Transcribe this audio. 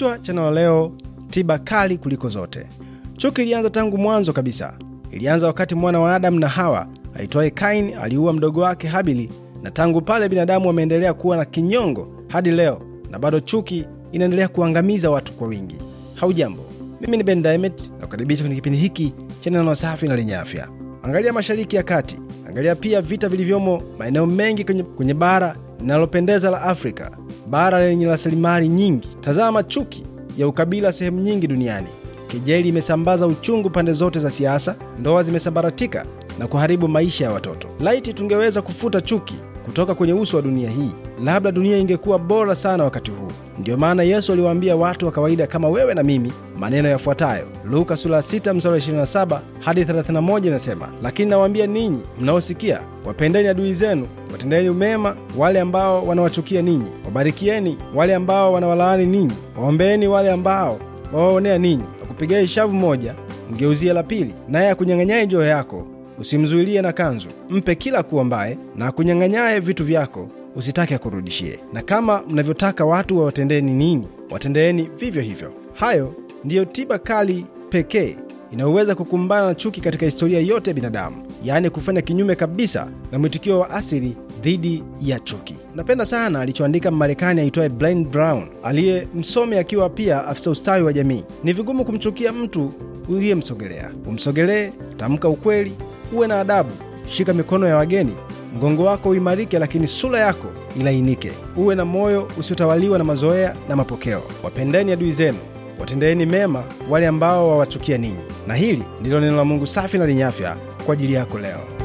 Kichwa cha neno leo, tiba kali kuliko zote. Chuki ilianza tangu mwanzo kabisa. Ilianza wakati mwana wa Adamu na Hawa aitwaye Kaini aliua mdogo wake Habili, na tangu pale binadamu wameendelea kuwa na kinyongo hadi leo, na bado chuki inaendelea kuangamiza watu kwa wingi. Haujambo, mimi ni Ben dimet na kukaribisha kwenye kipindi hiki cha neno safi na lenye afya. Angalia Mashariki ya Kati, angalia pia vita vilivyomo maeneo mengi kwenye, kwenye bara linalopendeza la Afrika bara lenye rasilimali nyingi. Tazama chuki ya ukabila sehemu nyingi duniani. Kejeli imesambaza uchungu pande zote za siasa. Ndoa zimesambaratika na kuharibu maisha ya watoto. Laiti tungeweza kufuta chuki kutoka kwenye uso wa dunia hii. Labda dunia ingekuwa bora sana wakati huu. Ndiyo maana Yesu aliwaambia watu wa kawaida kama wewe na mimi maneno yafuatayo. Luka sura ya 6 mstari 27 hadi 31 inasema, lakini nawaambia ninyi mnaosikia, wapendeni adui zenu, watendeni mema wale ambao wanawachukia ninyi, wabarikieni wale ambao wanawalaani ninyi, waombeeni wale ambao wawaonea ninyi, wakupigai shavu moja mgeuzia la pili, naye akunyang'anyaye joho yako usimzuilie na kanzu. Mpe kila kuombaye na akunyang'anyaye vitu vyako usitake akurudishie, na kama mnavyotaka watu wawatendeni nini, watendeeni vivyo hivyo. Hayo ndiyo tiba kali pekee inayoweza kukumbana na chuki katika historia yote ya binadamu, yaani kufanya kinyume kabisa na mwitikio wa asili dhidi ya chuki. Napenda sana alichoandika Mmarekani aitwaye Blaine Brown, aliye msomi akiwa pia afisa ustawi wa jamii. Ni vigumu kumchukia mtu uliyemsogelea. Umsogelee, tamka ukweli, uwe na adabu, shika mikono ya wageni, mgongo wako uimarike, lakini sura yako ilainike. Uwe na moyo usiotawaliwa na mazoea na mapokeo. Wapendeni adui zenu, watendeeni mema wale ambao wawachukia ninyi. Na hili ndilo neno la Mungu safi na lenye afya kwa ajili yako leo.